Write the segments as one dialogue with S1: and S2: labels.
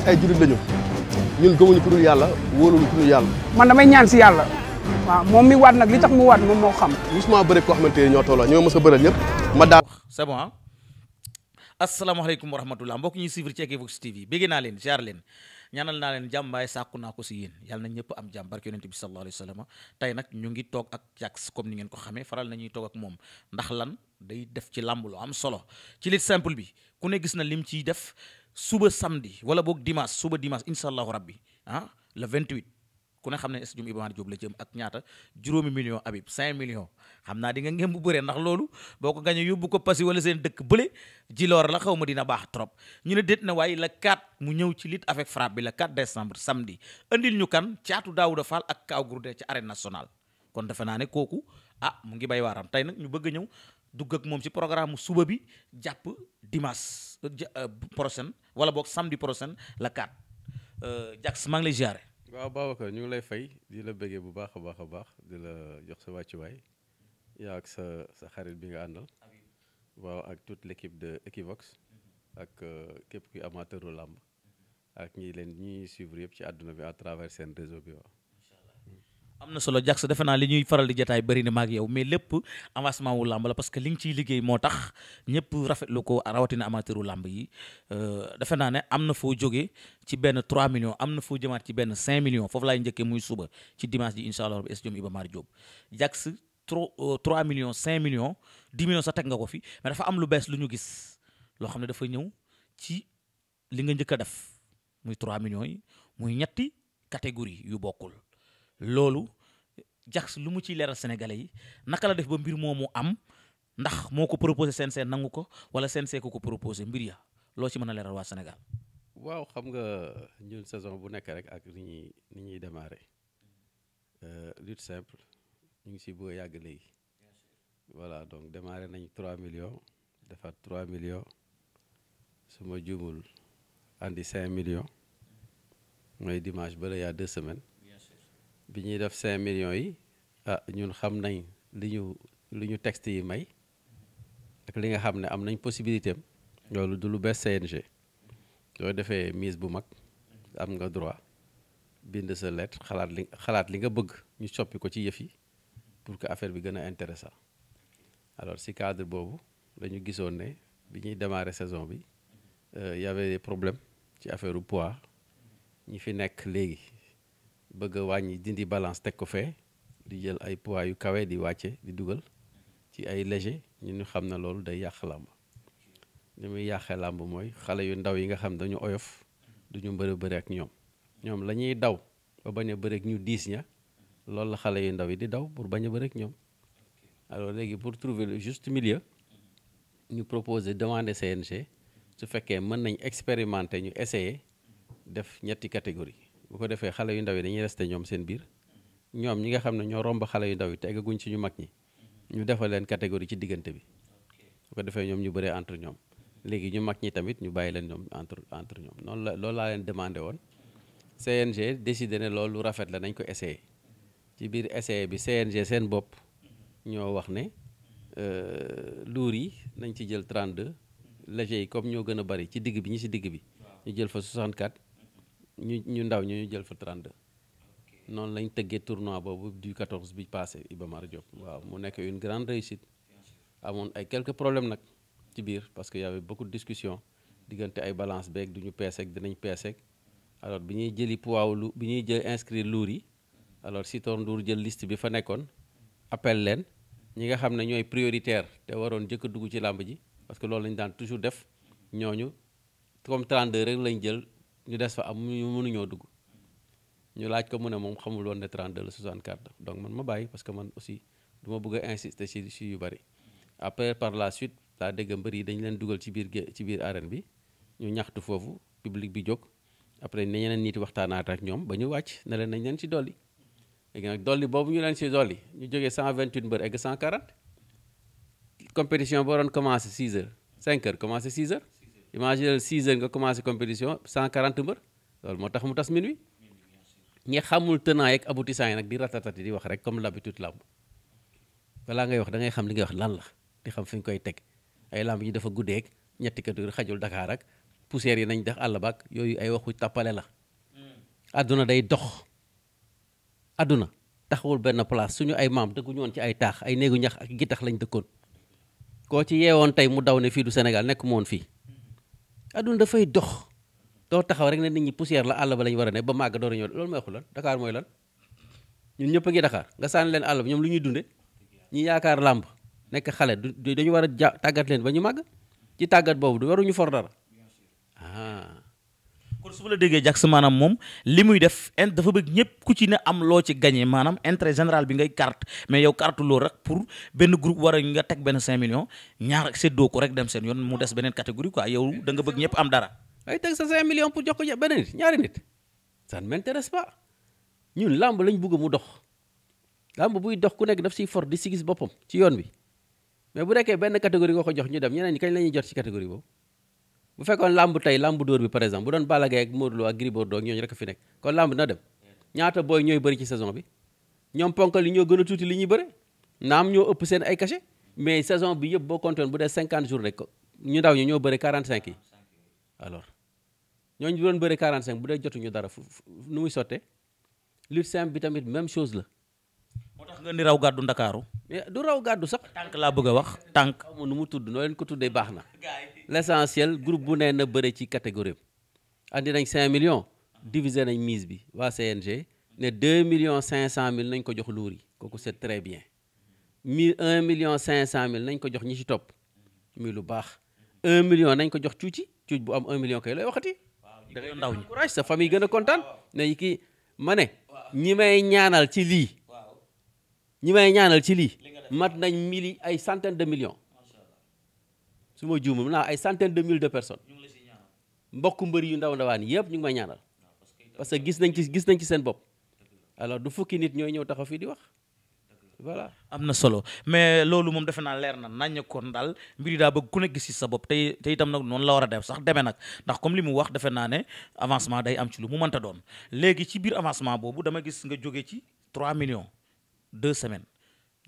S1: nag ay jullit lañu ñun gëmuñu ku dul yàlla wóoluñu ku dul yàlla. man damay ñaan si yàlla. waaw moom mi waat nag li tax mu waat moom moo xam. musuma bëri koo xamante ne ñoo tolloo ñoo mos a bëral ñëpp ma daal.
S2: c'est bon ah asalaamaaleykum wa rahmatulah mbokk ñuy suivre ci Equivox TV bégg naa leen jaar leen. ñaanal naa leen jàmm waaye naa ko si yéen yàlla na ñëpp am jàmm barke yonente bi sallallahu alayhi wa sallam tey nag ñu ngi toog ak Jax comme ni ngeen ko xamee faral nañuy toog ak moom ndax lan day def ci làmb lu am solo ci lit simple bi ku ne gis na lim ciy def suba samedi wala boog dimanche suba dimanche incha allahu rabbi ah le 28 ku ne xam ne stadium Iba Mar Diop la jëm ak ñaata juróomi million Habib 5 million xam naa di nga ngeen bu bëree ndax loolu boo ko gañee yóbbu ko pasi wala seen dëkk bële jiloor la xaw ma dina baax trop ñu ne déet na waaye le 4 mu ñëw ci lutte avec frappe bi le 4 décembre samedi andil ñu kan caatu Daouda Fall ak Kaw Gourdin ci arène national kon defe naa ne kooku ah mu ngi bay waaram tey nag ñu bëgg ñëw dugg ak moom ci programme suba bi jàpp dimanche euh, euh, prochain wala boog samedi prochain la 4 euh, Jax maa ngi lay ziare. waaw Babacar ñu ngi lay fay di la bëggee bu baax a baax a baax di la jox sa
S1: wàccuwaay yaa ak sa sa xarit bi nga àndal. waaw ak toute l' équipe de Equivox. Mhm. ak képp kuy amateuru làmb. ak ñi leen ñi suivre yëpp ci àdduna bi à travers seen réseau bi waaw.
S2: am na solo Diaks defe naa li ñuy faral di jataay bëri na maag yow mais lépp avancement wu làmb la parce que li nga ciy moo tax ñëpp rafetlu ko rawatina amateuru làmb yi euh, defe naa ne am na foo jógee ci benn 3 millions am na foo jëmaat ci benn 5 millions foofu laay muy suba ci dimanche ji incha allah rabbi es jom Iba Mar Diop Diaks 3 3 millions 5 millions 10 millions sa teg nga ko fi dafa am lu bees lu ñu gis loo xam ne dafa ñëw ci li nga njëkk a def muy 3 millions yi muy ñetti catégorie yu bokkul loolu jax lu mu ciy leeral sénégalais yi naka la def ba mbir moomu am ndax moo ko proposé CNG nangu ko wala CNG ko ko proposé mbir ya loo ci mën a leeral waa Sénégal.
S1: waaw xam nga ñun saison bu nekk rek ak ni ñuy ni ñuy démarrer euh, lutte simple ñu ngi si bëgg yàgg léegi voilà donc démarrer nañ 3 millions defaat 3 millions su ma jumul andi 5 millions mooy dimanche ba la y deux semaines bi ñuy def cinq millions yi ah ñun xam nañ li ñu li ñu texte yi may ak li nga xam ne am nañ possibilité am loolu du lu bees CNG soo defee mise bu mag am nga droit bind sa lettre xalaat li nga bëgg ñu soppi ko ci yëf yi pour que affaire bi gën a intéressant alors si cadre boobu la ñu gisoon ne bi ñuy démarrer saison bi euh, y avait problème ci affaire u poids ñi fi nekk léegi bëgg a wàññi dindi balance teg ko fee di jël ay poids yu kawe di wàcce di dugal ci ay léger ñu ñu xam na loolu day yàq làmb li muy yàqee làmb mooy xale yu ndaw yi nga xam dañu oyof duñu mbërë bëri ak ñoom ñoom la ñuy daw ba bañ a bëri ak ñu diis ña loolu la xale yu ndaw yi di daw pour bañ a bëri ak ñoom alors léegi pour trouver le juste milieu ñu proposer demander CNG su fekkee mën nañ expérimenter ñu essayer def ñetti catégorie bu ko defee xale yu ndaw yi dañuy resté ñoom seen biir ñoom ñi nga xam ne ñoo romb xale yu ndaw yi te eggaguñ ci ñu mag ñi ñu defal leen catégorie ci diggante bi bu ko defee ñoom ñu bëree entre ñoom léegi ñu mag ñi tamit ñu bàyyi leen ñoom entre entre ñoom noonu la loolu laa leen demandé woon CNG décidé ne loolu lu rafet la nañ ko essayé ci biir essayé bi CNG seen bopp ñoo wax ne euh, luur yi nañ ci jël 32 léger yi comme ñoo gën a bari ci digg bi ñi ci digg bi ñu jël fa 64 ñu ñu ndaw ñoo ñu jël fa 32. noonu lañ tëggee tournoi boobu du 14 bi passé Iba Mar Diop waaw mu nekk une grande réussite amoon ay quelques problème nag ci biir parce que y bokkut beaucoup de diggante ay balance beeg du ñu peeseeg dinañ peeseeg alors bi ñuy jëli poids lu bi ñuy jël inscrire lourd yi alors Sitor Ndour jël liste bi fa nekkoon appel leen ñi nga xam ne ñooy prioritaire te waroon jëkk dugg ci làmb ji parce que loolu lañ daan toujours def ñooñu comme 32 rek lañ jël ñu des fa am ñu mënuñoo dugg ñu laaj ko mu ne moom xamul woon ne 32 la 64 la donc man ma bàyyi parce que man aussi du ma bëgg a insister ci ci yu bëri après par la suite laa dégg mbër yi dañu leen dugal ci biir ci biir arène bi ñu ñaxtu foofu public bi jóg après ne ñeneen nit waxtaanaat ak ñoom ba ñu wàcc ne leen nañ leen ci dolli léegi nag dolli boobu ñu leen ci dolli ñu jógee 128 mbër egg 140 compétition boo doon commencé 6 heures commencé 6 imaginez six heures nga commencé compétition cent quarante mbër loolu moo tax mu tas minuit ñi xamul tenant yeeg aboutissant yi nag di ratatati di wax rek comme l'habitude làmb balaa ngay wax da ngay xam li ngay wax lan la di xam fi ñu koy teg ay làmb yi dafa guddeeg ñetti kër xajul dakaar ak poussière yi nañ def àll baag yooyu ay waxu tàppale la àdduna mm. day dox àdduna taxawul benn place suñu ay maam dëkkuñu woon ci ay taax ay néegu ñax ak gittax lañ dëkkoon koo ci yeewoon tey mu daw ne fii du Sénégal nekk mu fii adduna dafay dox doo taxaw rek na nit ñi poussière la àll ba la ñu war a ne ba màgg door a ñëw loolu mooy xul lan Dakar mooy lan ñun ñëpp a ngi Dakar nga sànni leen àll ba ñoom lu ñuy dunde ñu yaakaar làmb nekk xale du dañu war a ja tàggat leen ba ñu màgg ci tàggat boobu
S2: du waruñu for dara ah. kon su ma la déggee Jax maanaam moom li muy def in dafa bëgg ñëpp ku ci ne am loo ci gañee maanaam intérêt général bi ngay carte mais yow carte loolu rek pour benn groupe war a nga teg benn 5 millions ñaar ak séddoo ko rek dem seen yoon mu des beneen catégorie quoi yow da nga ñëpp am dara. ay teg sa 5 millions pour jox ko benn nit ñaari nit ça ne
S1: m'intéresse pas ñun làmb lañ bëgg mu dox làmb buy dox ku nekk daf siy for di si gis boppam ci yoon bi mais bu nekkee benn catégorie nga ko jox ñu dem ñeneen ñi kañ la ñuy jot ci catégorie boobu. bu fekkoon làmb tey làmb dóor bi par exemple bu doon Balla Gaye ak Modou Lo ak Gris Bordeaux ñooñu rek fi nekk kon làmb na dem ñaata booy ñooy bëri ci saison bi ñoom ponkal yi ñoo gën a tuuti li ñuy bëre naam ñoo ëpp seen ay cachet mais saison bi yëpp boo compté bu dee cinquante jours rek ñu ndaw ñu ñoo bëri 45 yi alors ñooñu doon bëri cinq bu dee jotuñu dara fu nu muy sottee lutte simple bi tamit même chose la. tax nga ni raw gàddu ndakaaru du a wax tànk xawma nu na l'essentiel groupe bi waa CNG ne million millions 500 mille nañ ko jox luur yi kooku c'est très bien mi 1 million mille nañ ko jox ñi ci topp muy lu baax 1 million nañ ko jox cuuci cuuc bu am 1 million kay looy waxati da ngay ndaw gën a kontaan ne kii ma ne ñi may ñaanal ci lii ñi may ñaanal ci lii mat nañ mili ay centaine de million su ma juumam naa ay centaine de mille de personnes mbokk mbëri yu ndaw ndawaan yëpp ñu ngi may ñaanal parce que gis nañ
S2: ci gis nañ ci seen bopp alors du fukki nit ñooy ñëw taxaw fii di wax voilà. am na solo mais loolu moom defe naa leer na nañ ko ndal mbir yi daa bëgg ku nekk gis sa bopp tey tey itam nag noonu la war a def sax demee nag ndax comme li mu wax defe naa ne avancement day am ci lu mu mënta doon léegi ci biir avancement boobu dama gis nga jóge ci 3 millions. deux semaines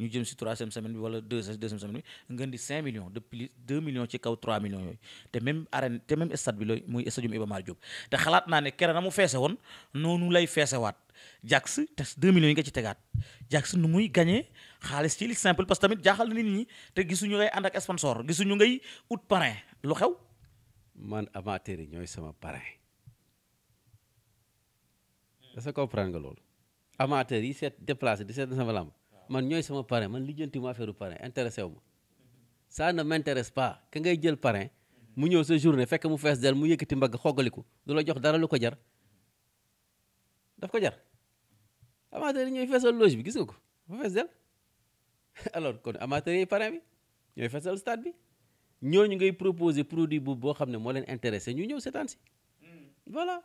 S2: ñu jëm si troisième semaine bi wala deux deuxième semaine bi ngeen di cinq millions de plus deux millions ci kaw trois millions yooyu te même arène te même stade bi looy muy stadium Iba Mar te xalaat naa mu feese woon noonu lay feesewaat Jax te deux millions yi ci tegaat Jax nu muy gagné xaalis ci li simple parce tamit jaaxal na nit ñi te gisuñu ngay ànd ak sponsor gisuñu ngay ut parrain lu xew. man amateur yi ñooy sama parrain.
S1: est-ce que nga loolu. amateurs yi seet déplacé di seet na sama lamb man ñooy sama parrain man lijjanti ma affaire parrain intéressé wu ma ça ne m'intéresse pas ka ngay jël parrain mu ñëw sa journée fekk mu fees del mu yëkkati mbagg xoggaliku du la jox dara lu ko jar daf ko jar amateurs yi ñooy bi gis ko mu fees del alors kon amateurs yi parrain bi ñooy feesal stade bi ñooñu ngay proposer produit bu boo xam ne moo leen intéressé ñuy ñëw seetaan si hmm. voilà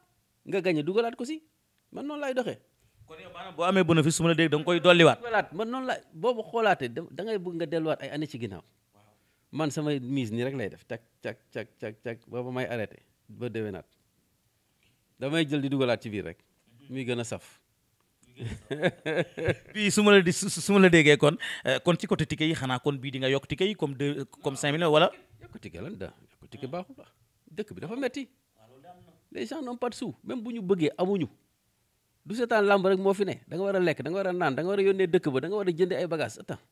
S1: nga gagné dugalaat ko si man noonu laay doxee
S2: kon boo amee bénéfice su ma la dégg da nga koy dolliwaat.
S1: dolliwaat man noonu la boobu xoolaatee da bëgg nga delluwaat ay année ci ginnaaw man sama mise nii rek lay def cak cak cak cak cak booba may arrêté ba déwénaat damay jël di dugalaat ci biir rek
S2: muy mhm. gën a saf. puis su ma la di su ma la déggee kon eh, kon ci côté ticket yi xanaa kon bii di nga yokk ticket yi comme deux comme cinq millions wala. yokk ticket lan da yokk ticket baaxul dëkk bi dafa metti les gens n'ont pas de même bu ñu bëggee amuñu.
S1: du setaan làmb rek moo fi ne da nga war a lekk da nga war a naan da nga war a yónnee dëkk ba da war a jënd ay bagages attends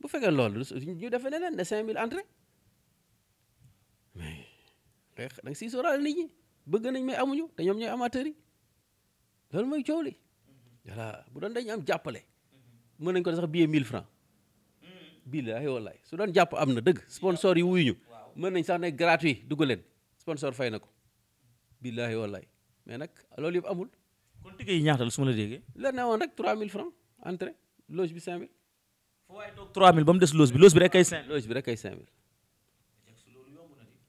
S1: bu fekkee loolu ñu defee ne leen ne 5000 entrée mais da nga nit ñi bëgg nañ mais amuñu te ñoom ñooy amateurs yi loolu mooy coow li bu doon dañu am jàppale. mën nañ ko sax billet 1000 francs billahi wallahi su doon jàpp am na dëgg sponsor yi wuyuñu mën nañ sax ne gratuit dugg leen sponsor fay na ko billahi wallahi mais nag
S2: loolu yëpp amul. kon ticket yi ñaata su ma la déggee.
S1: la ne woon rek 3000 francs entrée loge bi 5000.
S2: fu waay toog 3000 ba mu des loge bi loge rek ay 5000. loge bi rek ay 5000.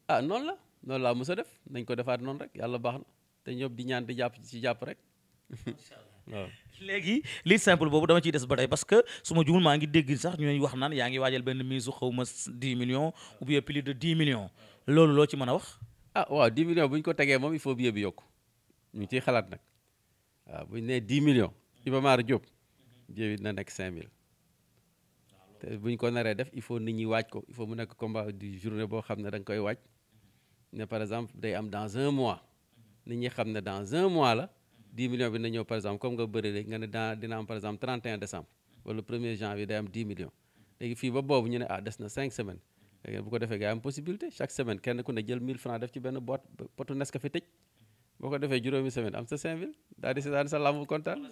S1: ah noonu la noonu laa mos a def nañ ko defaat noonu rek yàlla baax na te ñoom di ñaan di jàpp
S2: ci jàpp rek. incha allah waaw léegi li simple boobu ba tey parce que su ma jumul maa ngi dégg sax ñooy wax naan yaa ngi waajal benn mise xaw ma 10 millions ou bien plus de loolu loo ci mën a wax. ah waaw 10 millions bu ñu ko tegee moom il faut billet bi yokku. ñu ngi ciy
S1: xalaat nag waaw bu ñu nee 10 millions Iba Mar Diop jéewi dina nekk 5000 te bu ñu ko naree def il faut nit ñi waaj ko il faut mu nekk combat journée boo xam ne da nga koy waaj ne par exemple day am dans un mois nit ñi xam ne dans un mois la 10 millions bi na ñëw dina am par exemple 31 décembre wala 1er janvier day am 10 millions léegi fii ba boobu ñu ne ah des na 5 semaines bu ko defee gaa am possibilité chaque semaine kenn ku ne jël 1000 francs def ci benn boîte potu Nescafé tëj. boo ko defee juróomi semaine am sa 5000 daal di seetaan sa làmb kontaan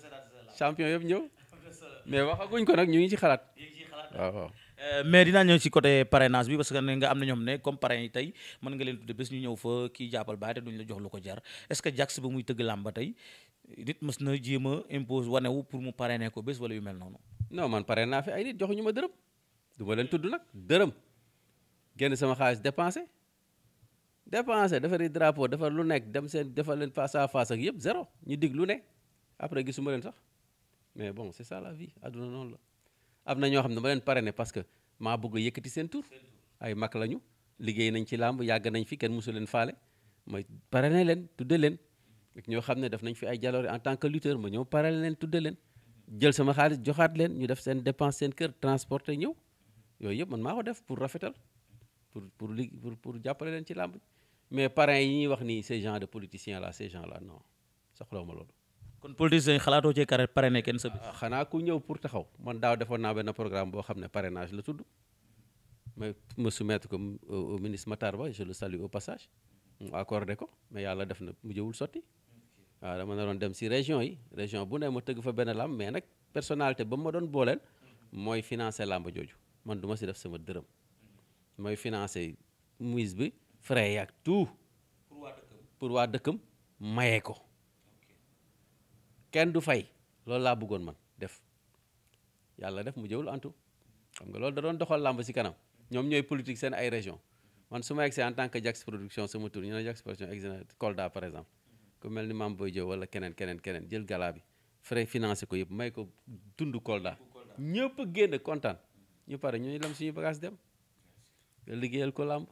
S1: champion yëpp ñëw mais wax waxaguñ ko nag
S2: ñu ngi ci xalaat waaw waaw. Euh, mais dinaa ñëw ci côté parrainage bi parce que ne nga am na ñoom ne comme parrain yi tey mën nga leen tudde bés ñu ñëw fa kii jàppal baay te duñ la jox lu ko jar est-ce que Jax ba muy tëgg làmb ba tey nit mës na jéem a impose wane wu pour mu parrainer ko bés wala yu mel noonu. non man
S1: parrain naa fi ay nit joxuñu ma dërëm du ma leen tudd nag dërëm sama xaalis dépensé. dépensé defari drapeau defar lu nekk dem seen defar leen face à face ak yëpp zéro ñu dig lu ne après gisuma leen sax mais bon c'est ça la vie àdduna noonu la am na ñoo xam ne ma leen parrainé parce que maa bëgg a yëkkati seen tur ay mag lañu liggéey nañ ci làmb yàgg nañ fi kenn mosu leen faale ma parrainé leen tudde leen ak ñoo xam ne def nañ fi ay jaloore en tant que lutteur ma ñëw parrainé leen tudde leen jël sama xaalis joxaat leen ñu def seen dépense seen kër transporter ñëw yooyu yëpp man maa ko def pour rafetal pour pour pour jàppale leen ci làmb mais parrain yi ñuy wax nii ces gens de politiciens là ces gens là non ma loolu. kon
S2: politiciens yi xalaatoo cee carré parrainé kenn sa bi. Ah, xanaa ku ñëw
S1: pour taxaw man daaw defoon naa benn programme boo xam ne parrainage la tudd ma ma soumettre ko euh, au ministre Ba je le salue au passage mu accordé ko mais yàlla def na mu jëwul sotti waa ah, dama na doon dem si région yi région bu ne ma tëgg fa benn làmb mais nag personnalité ba mu ma doon booleel mooy financer làmb jooju man du ma si def sama dërëm mooy financer mise bi. frais yaag tout pour waa dëkkam mayee ko kenn du fay loolu laa bëggoon man def yàlla def mu jëwul antu xam nga loolu da doon doxal làmb si kanam ñoom ñooy politique seen ay région man su ma egsee en tant que Jax production sama tur ñu ne Jax production egsee na Kolda par exemple ku mel ni maam Boy Diop wala keneen keneen keneen jël galaa bi frais financé ko yëpp may ko dund Kolda ñëpp génn kontaan ñu pare ñu lam suñu bagage dem nga liggéeyal ko làmb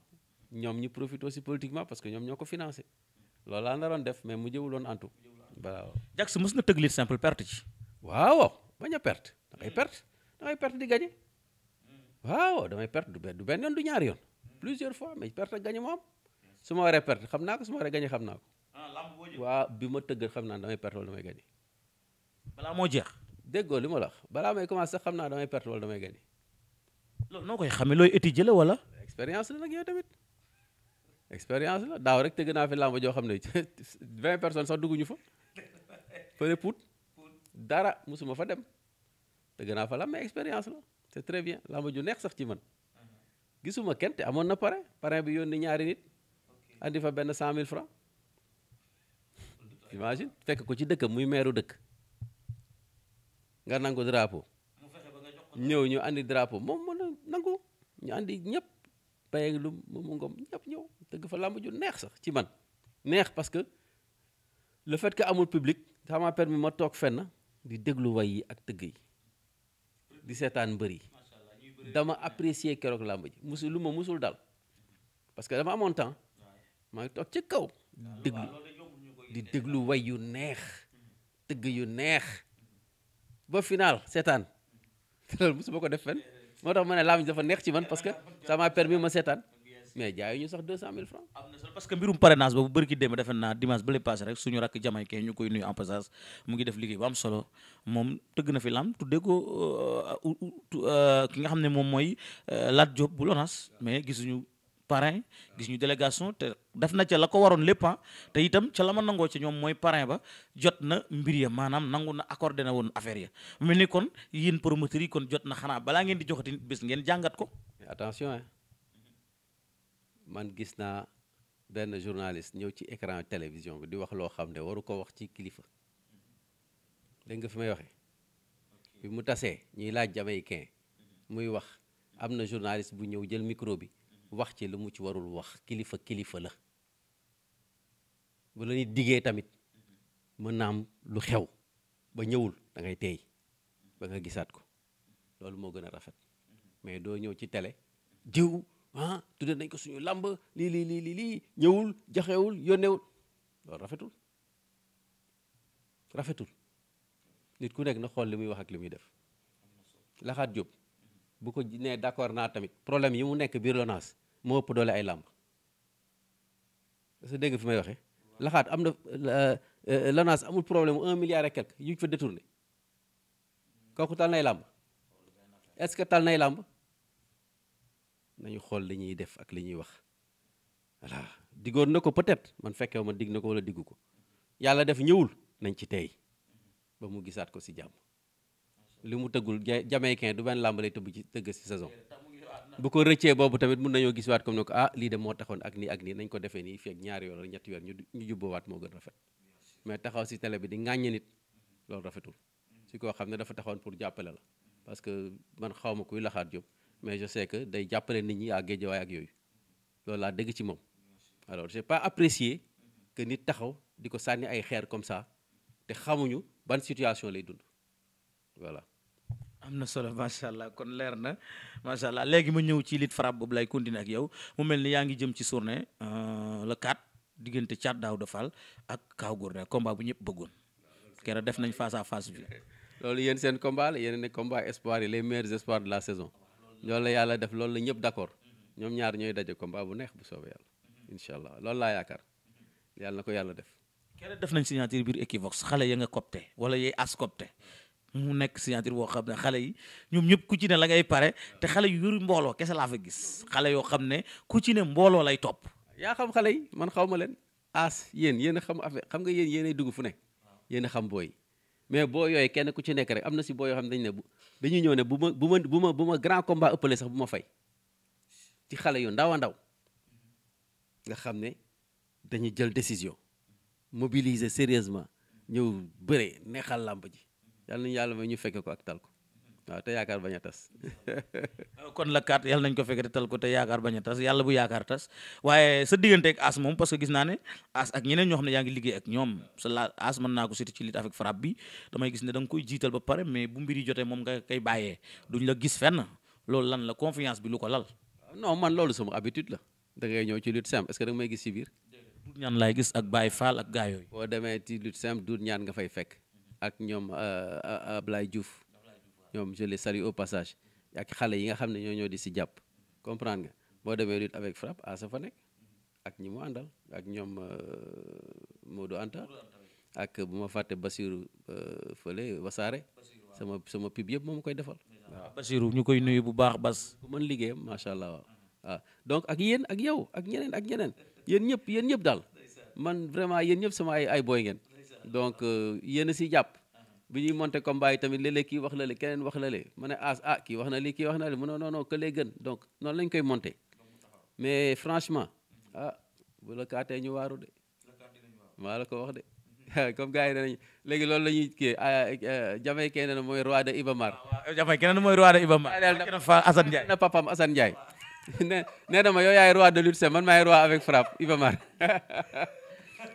S1: ñoom ñu profité aussi politiquement parce que ñoom ñoo ko financé loolu laa naroon def mais mu jëwuloon antu waaw.
S2: Jaks mës na tëgg lutte simple perte ci.
S1: waaw bañ a perte perte da perte di gagné waaw perte du benn du benn du ñaari yoon plusieurs fois mais perte ak am su ma waree perte naa ko su ma waree gagné xam naa ko. Ah, waaw bi ma tëgg xam naa damay perte wala damay gagné. balaa moo jeex. déggoo li ma la balaa may commencé sax xam naa damay perte wala damay gagné.
S2: loolu noo koy xamee looy étudier la wala.
S1: expérience la nag yow tamit. expérience la daaw rek tëgg naa fi làmb joo xam ne vingt personnes sax dugguñu fa fële Pout dara musuma fa dem tëgg naa fa làmb mais expérience très bien làmb ju neex sax ci man gisuma kenn te amoon na pare parrain bi yónni ñaari nit andi fa benn cent mille francs imagine fekk ko ci dëkk muy meeru dëkk nga nangu drapeau ñëw ñu andi drapeau moom mën a nangu ñu andi ñëpp Baye ak ñëw dëgg fa làmb ju neex sax ci man neex parce que le fait que amul public ça m'a permis ma toog fenn di déglu way yi ak tëgg yi di seetaan mbër yi dama apprécier keroog làmb ji musul lu ma musul dal parce que dama amoon temps maa ngi toog ci kaw déglu di déglu way yu neex tëgg yu neex ba final seetaan loolu musuma ko def fenn moo tax ma ne làmb dafa neex ci man parce que permis ma seetaan mais jaayuñu sax 200000 francs am
S2: na solo parce que mbirum parrainage boobu bërki démb defe naa dimanche ba lay passé rek suñu rakk jamaïcain ñu koy nuyu en passage mu ngi def liggéey bu am solo moom tëgg na fi làmb tuddee ko euh, euh, ki nga xam ne moom mooy euh, Lat Diop bu Lonas mais gisuñu parrain gis ñu délégation te def na ca la ko waroon lépp ah, te itam ca la ma nangoo ci ñoom mooy parrain ba jot na mbir ya maanaam nangu na accordé na woon affaire ya mel ni kon yéen promoteurs yi kon jot na xanaa balaa ngeen di joxati nit bés ngeen jàngat ko. attention hein
S1: man gis naa benn journaliste ñëw ci écran télévision bi di wax loo xam ne waru ko wax ci kilifa dégg nga fi may waxee. bi mu tasee ñuy laaj jamaïcain muy wax am na journaliste bu ñëw jël micro bi. wax ci lu mu ci warul wax kilifa kilifa la bu la nit diggee tamit mën na am lu xew ba ñëwul da ngay teey ba nga gisaat ko loolu moo gën a rafet mais doo ñëw ci tele diw ah tudde nañ ko suñu làmb lii lii lii lii lii ñëwul jaxewul yónnewul loolu rafetul rafetul nit ku nekk na xool li muy wax ak li muy def laxaat jóob bu ko nee d'accord naa tamit problème yi mu nekk biir LONASE moo ëpp doole ay làmb parce que dégg fi may waxee laxaat am na euh, LONASE amul problème un milliard et quelque yu ñu fa détourné kooku tal nay làmb est-ce que tal nay làmb nañu xool li ñuy def ak li ñuy wax voilà diggoon na ko peut-être man fekkew ma digg na ko wala diggu ko yàlla def ñëwul nañ ci tey ba mu gisaat ko si jàmm li mu tëggul jamaïcain du benn làmb lay tëbb ci tëgg si saison bu ko rëccee boobu tamit mun nañoo gis waat comme ne ko ah lii de moo taxoon ak nii ak nii nañ ko defee nii fekk ñaari yoon ak ñetti yoon ñu jubboowaat moo mais taxaw si télé bi di ŋàññe nit loolu rafetul si koo xam ne dafa taxoon pour jàppale la parce que man xaw ma kuy laxaat jóg mais je sais que day jàppale nit ñi à géejewaay ak yooyu loolu laa dégg ci moom alors j'ai pas apprécié que nit taxaw di ko sànni ay xeer comme ça
S2: te xamuñu ban situation lay dund am na solo macha allah kon leer na macha allah léegi ma ñëw ci lit frappe boobu lay continuer ak yow mu mel ni yaa ngi jëm ci journée euh, le 4 diggante Thiat Daouda Fall ak Kaw Gourdin combat bu ñëpp bëggoon keroog def nañ face à bi.
S1: loolu yéen seen combat la yéen ne combat espoir yi de la saison loolu la yàlla def loolu la ñëpp d'accord ñoom ñaar ñooy daje combat bu neex bu soobee
S2: yàlla incha allah loolu laa yaakaar yàlla ko yàlla def. keroog def nañ signature biir Equivox xale ya nga copte wala yay as copte mu nekk signature boo xam ne xale yi ñoom ñëpp ku ci ne la ngay pare te xale yu yuri mbooloo kese laa fa gis xale yoo xam ne ku ci ne mbooloo lay topp. yaa xam xale yi man xaw ma leen as yéen yéen a xam affaire xam nga yéen yéenay dugg fu ne
S1: yenn xam booy mais boo yooyu kenn ku ci nekk rek am na si boo yoo xam ne dañu ne bu dañuy ñëw ne bu ma bu ma bu ma bu ma grand combat ëppale sax bu ma fay ci xale yu ndaw a ndaw nga xam ne dañuy jël décision mobiliser sérieusement ñëw bëre neexal làmb ji. yàlla nañu yàlla may ñu fekke ko ak tal ko waaw te yaakaar bañ a tas.
S2: kon la kaat yàlla nañ ko fekkee te tal ko te yaakaar bañ a tas yàlla bu yaakaar tas waaye sa diggante ak as moom parce que gis naa ne as ak ñeneen ñoo xam ne yaa ngi liggéey ak ñoom sa la as mën naa ko seeti ci lutte avec frappe bi damay gis ne da nga koy jiital ba pare mais bu mbir yi jotee moom nga koy bàyyee duñ la gis fenn loolu lan la confiance bi lu ko lal. no man loolu sama habitude la da ñëw
S1: ci lutte simple est-ce que da si biir. duut ñaan gis ak Baye Fall ak gaa demee ci lutte nga fay fekk ak ñoom euh, euh, Ablaye Diouf ñoom je les au passage ak xale yi nga xam ne ñoo ñoo di si jàpp comprendre nga boo demee lutte avec frappe à sa fa nekk ak ñi mu àndal ak ñoom euh, Modou Anta ak bu ma fàtte Basirou fële Wasaare sama sama pub yëpp moom koy defal waaw ah, Basirou ñu koy nuyu bu baax bas bu mën liggéeyam macha allah waaw ah. donc ak yéen ak yow ak ñeneen ak ñeneen yéen ñëpp yéen ñëpp daal man vraiment yéen ñëpp sama ay ay booy ngeen donc euh, yéen si jàpp mhm. bi ñuy monté combat yi tamit léeg-léeg kii wax la le keneen wax la le ma ne as ah, ah, kii wax na li kii wax na le mu ne non non que lay gën donc noonu mais franchement ah bu la kaatee ñu waaru la ko wax de mhm. comme gars yi danañ loolu la ñuy kii ah, jamay keneen mooy roi de Ibamar. waaw jamay keneen mooy roi de Ibamar. Assane Ndiaye na ma yow yaay roi de lutte man maay roi avec frappe Ibamar.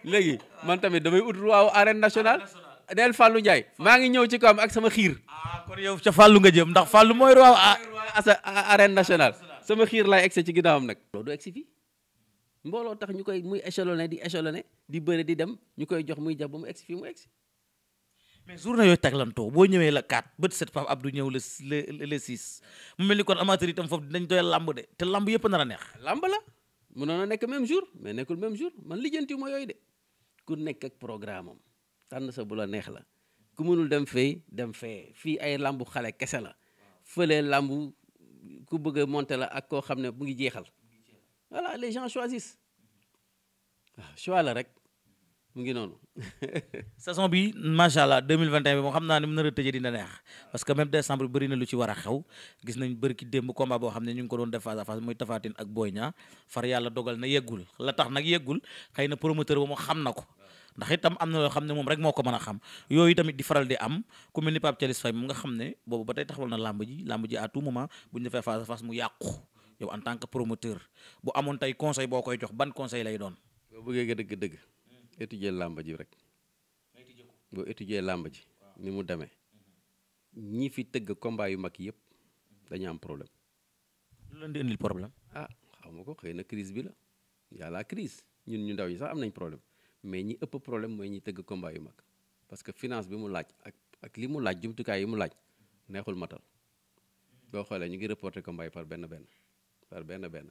S1: léegi man tamit damay ut waaw arène nationale neel Fallou Ndiaye maa ngi ñëw ci kawam ak sama xiir. ah kon yow ca Fallou nga jëm ndax Fallou mooy roi asa arène nationale sama xiir laay egsi ci ginnaawam nag. loolu du mbooloo tax ñu koy muy échelonné di échelonné di bëre di dem ñu koy jox muy jàpp ba mu egsi fii mu egsi.
S2: mais journée yooyu taglantoo boo ñëwee la 4 bët set Pape Abdou ñëw le le le mu mel ni kon amateur itam foofu dinañ doyal làmb de te lamb yëpp na a neex. lamb la. mun a
S1: nekk même jour mais nekkul même jour man lijjanti ma yooyu de ku nekk ak programme am tànn sa bu la neex la ku mënul dem fee dem fee fii ay làmbu xale kese la fële làmbu ku bëgg a monter la ak koo xam ne bu ngi jeexal voilà les gens
S2: choisissent waaw choix la rek. mu ngi noonu. saison bi macha allah 2021 bi moom xam naa ne mën na tëjee dina neex parce que même décembre bëri na lu ci war a xew gis nañ bëri ki démb combat ne ñu ngi ko doon def face à face muy Tapha Tine ak Boy Niang far yàlla dogal na yeggul la tax nag yeggul na promoteur ba mu xam na ko. ndax itam am na loo xam ne moom rek moo ko mën a xam yooyu tamit di faral di am ku mel ni Pape Thialis Faye moom nga xam ne boobu ba tey taxawal na làmb ji làmb ji à tout moment bu ñu defee face à face mu yàqu yow en tant que promoteur bu amoon tey conseil boo koy jox ban conseil lay doon. boo bëggee dëgg étudier làmb ji rek
S1: boo étudier làmb ji ni mu demee ñi fi tëgg combat yu mag yëpp dañu am problème.
S2: lu leen di problème. ah
S1: xaw ma ko xëy na crise bi la yàlla crise ñun ñu ndaw ñi sax am nañ problème mais ñi ëpp problème mooy ñi tëgg combat yu mag parce que finance bi mu laaj ak ak li mu laaj jumtukaay yi mu laaj neexul matal boo xoolee ñu ngi reporté combat yi par benn benn par benn benn.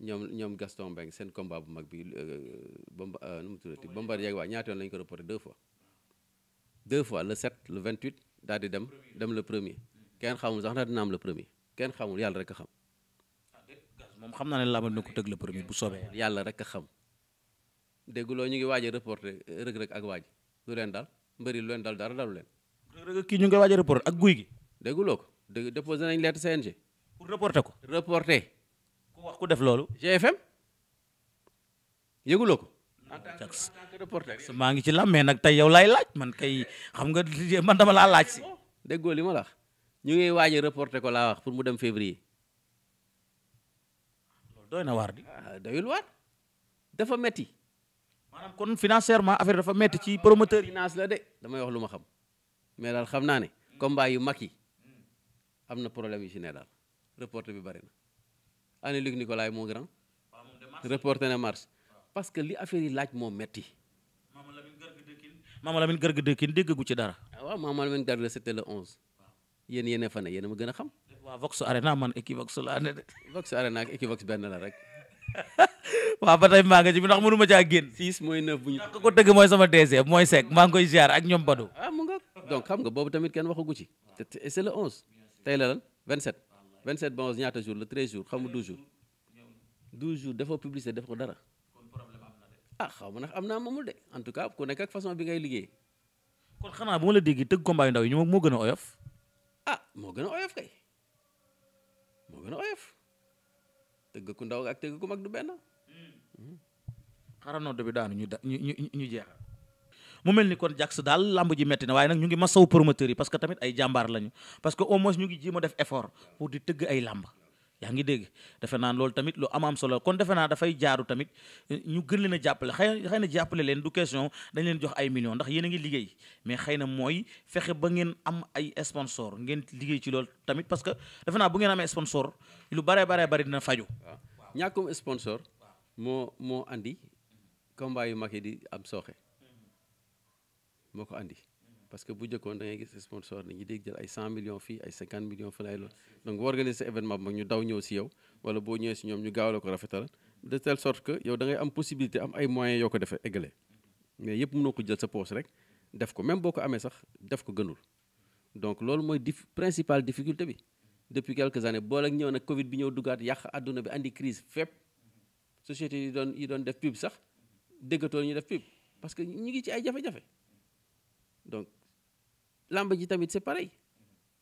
S1: ñoom ñoom Gaston Mbengue seen combat bu mag bi euh, bomba euh, nu mu tuddati Bombardier waa ñaata yoon lañu ko reporté deux fois deux fois le 7 le 28 daal di dem dem le premier kenn xamul sax na dina am le premier kenn xamul yàlla rek xam.
S2: moom xam naa ne làmb na ko tëgg le premier bu soobee.
S1: yàlla rek a xam dégguloo ñu ngi waaj reporte reporté euh, Reug ak waaj lu leen daal mbëri lu leen daal dara dalu leen.
S2: Reug Reug kii ñu ngi waaj a ak guy gi.
S1: dégguloo ko dégg déposé nañ lettre CNG. pour reporter ko reporter. ku wax ku def loolu. GFM yëguloo ko. en maa ngi ci lam mais nag tey yow
S2: lay laaj man kay xam nga man dama laa laaj si. déggoo li ma la wax ñu ngi waaj a ko
S1: laa wax pour mu dem février.
S2: loolu na waar di. Ah, doyul waar dafa metti maanaam kon financièrement affaire dafa metti ci promoteur yi.
S1: damay wax lu ma xam mais daal xam naa ne. combat yu mag yi am na problème yu si ne daal reporté bi bari année Luc Nicolaï moo grand reporté na marche parce que li affaire yi laaj moo metti Mama Lamine Garga Dëkkin Mama Lamine Garga
S2: Dëkkin déggagu ci dara
S1: ah waaw Mama Lamine Garga c'était le 11 yéen yéen fa ne yéen a ma gën a xam
S2: waaw Vox naa man Equivox laa ne de Vox Arena ak Equivox benn la rek waaw ba tey maa nga bi ndax mënuma caa génn six mooy neuf bu ñu ko dëgg mooy sama DG mooy Seck maa ngi koy ziar ak ñoom Badou
S1: ah mu nga nga boobu tamit kenn waxagu ci c'est le 11 tey la lan 27 27 ba 11 ñaata jour la 13 jours xam nga 12 jours 12 jour dafa publicité def ko dara ah xaw ma nag am naa moomul de en tout cas ku nekk ak façon bi ngay liggéey.
S2: kon xanaa bu ma la déggee tëgg combat yu ndaw yi ñu moo gën a oyof.
S1: ah moo gën a oyof kay
S2: moo gën a oyof tëgg ku ndaw ak tëgg ku mag du benn. xaaral nodd bi daanu ñu da ñu ñu ñu jeexal. mu mel ni kon Jax daal lamb ji metti na waaye nag ñu ngi masaw promoteurs yi parce que tamit ay jàmbaar lañu parce que au moins ñu ngi jéem a def effort pour di tëgg ay lamb yaa ngi dégg defe naa lool tamit lu am am solo kon defe naa dafay jaaru tamit ñu gën leen a jàppale xëy xëy na jàppale leen du question dañ leen jox ay millions ndax yéen a ngi liggéey mais xëy na mooy fexe ba ngeen am ay sponsor ngeen liggéey ci lool tamit parce que defe naa bu ngeen amee sponsor lu bare bare bari dina faju ñàkkum sponsor
S1: moo moo andi yu mag di am sooxe moo ko indi parce que bu njëkkoon da ngay gis sponsor dañuy dégg jël ay 100 millions fii ay 50 millions fa lay lool donc boo organiser événement bi mag ñu daw ñëw si yow wala boo ñëwee si ñoom ñu gaaw la ko rafetal de telle sorte que yow da ngay am possibilité am ay moyens yoo ko defee égalé mais yëpp mënoo ko jël sa poche rek def ko même boo ko amee sax def ko gënul donc loolu mooy dif principal difficulté bi depuis quelques années boole ak ñëw nag Covid bi ñëw duggaat yàq àdduna bi andi fépp société yi doon yi doon def pub sax déggatoo ñu def pub parce que ñu ngi ci ay jafe donc làmb ji tamit c'est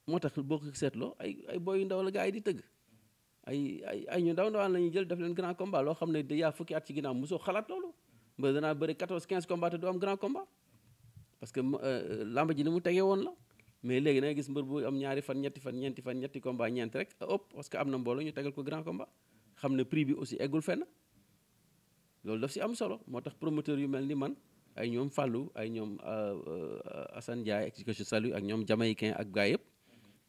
S1: moo tax boo ko seetloo ay ay booy yu ndaw la gaa yi di tëgg ay ay ay ñu ndaw ndawaan la ñuy jël def leen grand combat loo xam ne yaa fukki ci ginnaaw mosoo xalaat loolu ba danaa bëri 14 15 combat te du am grand combat parce que euh, làmb ji ni mu tegee woon la mais léegi da gis mbër bu am ñaari fan ñetti fan ñeenti fan ñetti combat ñeent rek ëpp parce que am na mbooloo ñu tegal ko grand combat xam ne prix bi aussi eggul fenn loolu daf si am solo moo tax promoteur yu mel ni man ay ñoom Fallou ay ñoom euh, euh, Assane Ndiaye que je ak ñoom jamaïcain ak gaa yëpp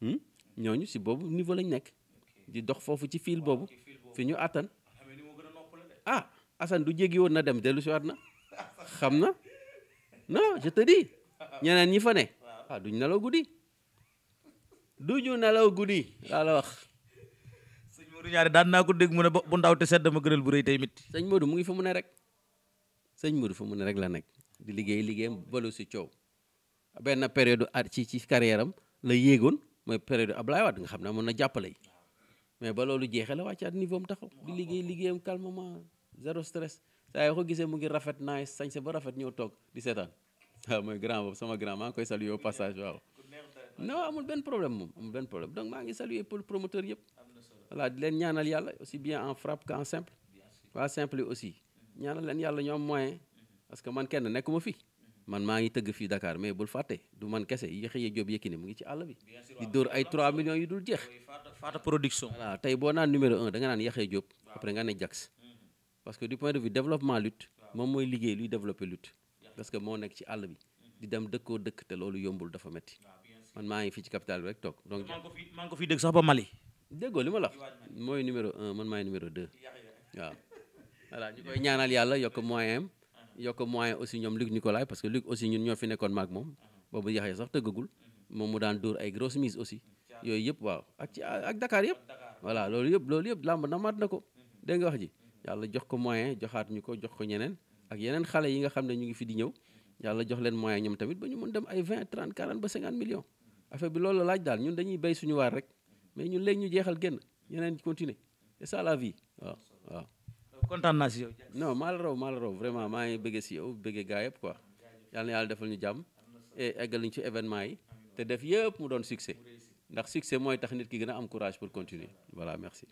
S1: hmm? ñooñu si boobu niveau lañ nekk di dox foofu ci fil ah, boobu fi ñu attan ah, ah Assane du jéggi woon na dem dellu si waat na xam na non je te ñeneen ñi fa ne ah duñ nelaw guddi duñu nelaw guddi laa la wax. sëñ Modou ñaari daan naa ko dégg mu ne bu ndaw te sedd ma gënal bu rëy tey mit sëñ mu ngi fa mu ne rek sëñ Modou fa mu ne rek la nekk. di liggéey liggéeyam balu si coow benn période at ci ci carrière am la yéegoon mooy période Ablaye Wade nga xam ne mën na jàppale mais ba loolu jeexee la wàccaat niveau mu tax di liggéey liggéeyam calmement zéro stress saa yoo ko gisee mu ngi rafet naay sañse ba rafet ñëw toog di seetaan mooy grand boobu sama grand maa ngi koy saluer au passage waaw non amul benn problème moom amul benn problème donc maa ngi saluer pour promoteur yëpp voilà di leen ñaanal yàlla aussi bien en frappe qu'en simple waa simple yàlla ñoom moyen parce que man kenn nekkuma fi man maa ngi tëgg fii Dakar mais bul fàtte du man kese Yaxya Jóob Yékini mu ngi ci àll bi di dóor ay 3 millions yu dul jeex. Fata production. voilà tey boo naan numéro un da nga naan Yaxya Jóob après nga ne Jax mhm. parce que du point de vue développement lutte moom mooy liggéey luy développer lutte parce que moo nekk ci àll bi mhm. di dem dëkkoo dëkk te loolu yombul dafa metti man maa ngi fii ci capital bi rek toog donc. maa ngi ko fi maa sax ba Mali. déggoo li ma la wax mooy un man maay numéro deux waaw yàlla yokk moyen yokk moyen aussi ñoom Luc Nicolaï parce que Luc aussi ñun ñoo fi nekkoon maag moom mm-hmm. boobu yaxee sax tëggagul mm-hmm. moom mu daan dóor ay grosse mise aussi yooyu yëpp waaw ak ci ak Dakar yëpp voilà loolu yëpp loolu yëpp làmb namaat na ko mm-hmm. dégg nga wax ji yàlla jox ko moyen joxaat ñu ko jox ko ñeneen ak yeneen xale yi nga xam ne ñu ngi fi di ñëw yàlla jox leen moyen ñoom tamit ba ñu mën dem ay 20 30 40 ba 50 millions affaire bi loolu laaj daal ñun dañuy béy suñu waar rek mais ñun léegi ñu jeexal génn ñeneen continuer c'est ça la waaw kontaan naa si yow. non maa la raw maa la raw vraiment maa ngi bëggee si yow bëggee gaa yëpp quoi yal na yàlla defal ñu jàmm et eggal ñu ci événement yi te def yëpp mu doon succès ndax succès mooy tax nit ki gën a am courage pour continuer voilà merci.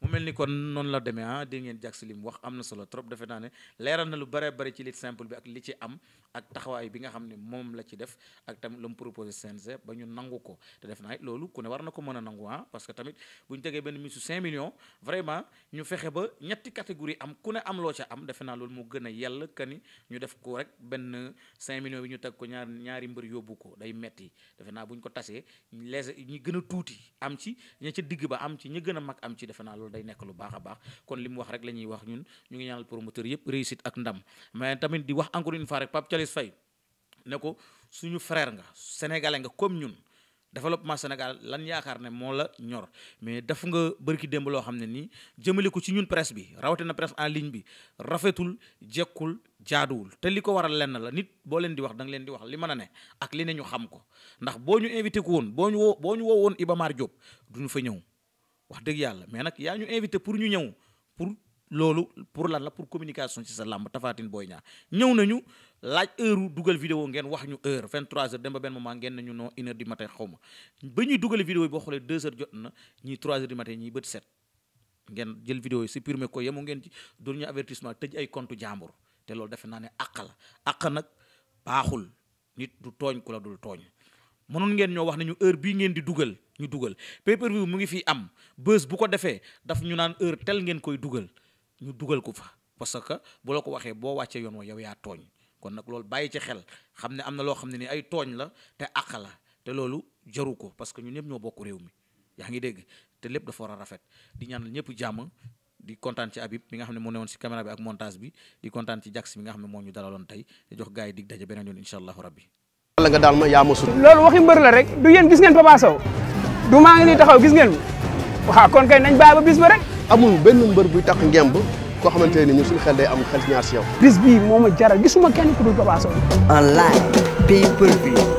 S2: mu mel ni kon noonu la demee ah dégg ngeen Jax lim wax am na solo trop defe naa ne leeral na lu bare bari ci lutte simple bi ak li ci am ak taxawaay bi nga xam ne moom la ci def ak tamit lu mu CNG ba ñu nangu ko def naa loolu ku ne war na ko mën a nangu ah parce que tamit bu ñu tegee benn misu 5 millions vraiment ñu fexe ba ñetti catégorie am ku ne am loo ca am defe naa loolu moo gën a yell que ni ñu def ko rek benn 5 millions bi ñu teg ko ñaar ñaari mbër yóbbu ko day metti defe naa bu ñu ko tasee les ñi gën a tuuti am ci ña ca digg ba am ci ñi gën a mag am ci defe naa loolu day nekk lu baax a baax kon li mu wax rek la ñuy wax ñun ñu ngi ñaanal promoteur yëpp réussite ak ndam mais tamit di wax encore une fois rek Pape Thialis Faye ne ko suñu frère nga sénégalais nga comme ñun développement Sénégal lan yaakaar ne moo la ñor mais daf nga bërki démb loo xam ne nii jëmale ko ci ñun presse bi rawatina presse en ligne bi rafetul jekkul jaaduwul te li ko waral lenn la nit boo leen di wax da nga leen di wax li ma a ne ak li ne ñu xam ko ndax boo ñu invité ko woon boo ñu boo ñu woo woon Iba Mar Diop duñu fa ñëw wax dëgg yàlla mais nag yaa ñu invité pour ñu ñëw pour loolu pour lan la pour communication ci sa làmb tafaatin booy ñaar ñëw nañu laaj heure dugal vidéo ngeen wax ñu heure 23 heures dem ba benn moment ngeen nañu non une heure du matin xaw ma ba ñuy dugal vidéo yi boo xoolee 2 heures jot na ñii 3 heures du matin ñii bët set ngeen jël vidéo yi supprimer ko yemu ngeen ci dul ñu avertissement tëj ay compte jàmbur te loolu defe naa ne àq la àq nag baaxul nit du tooñ ku dul tooñ mënoon ngeen ñoo wax nañu ñu heure bii ngeen di dugal ñu dugal pay per mu ngi fi am bés bu ko defee daf ñu naan heure tel ngeen koy dugal ñu dugal ko fa parce que boo la ko waxee boo wàccee yoon wa yow yaa tooñ kon nag loolu bàyyi ci xel xam ne am na loo xam ne ni ay tooñ la te àq la te loolu jaru ko parce que ñun ñëpp ñoo bokk réew mi yaa ngi dégg te lépp dafa war a rafet di ñaanal ñëpp jàmm di kontaan ci Habib mi nga xam ne moo newoon ci caméra bi ak montage bi di ci Jax xam ne moo ñu dalaloon tey di jox yi dig daje beneen yoon incha allahu rabbi
S1: wala nga daal ma yaa ma sut loolu waxi mbër la rek du yéen gis ngeen Papa Sow du maa ngi nii taxaw gis ngeen waaw kon kay nañ bàyyi ba bis ba rek amul benn mbër buy tax ngemb koo xamante ñu
S2: suñu xel day am xel ñaar si yow bis bii moo ma jaral gisuma kenn ku dul Papa pay per view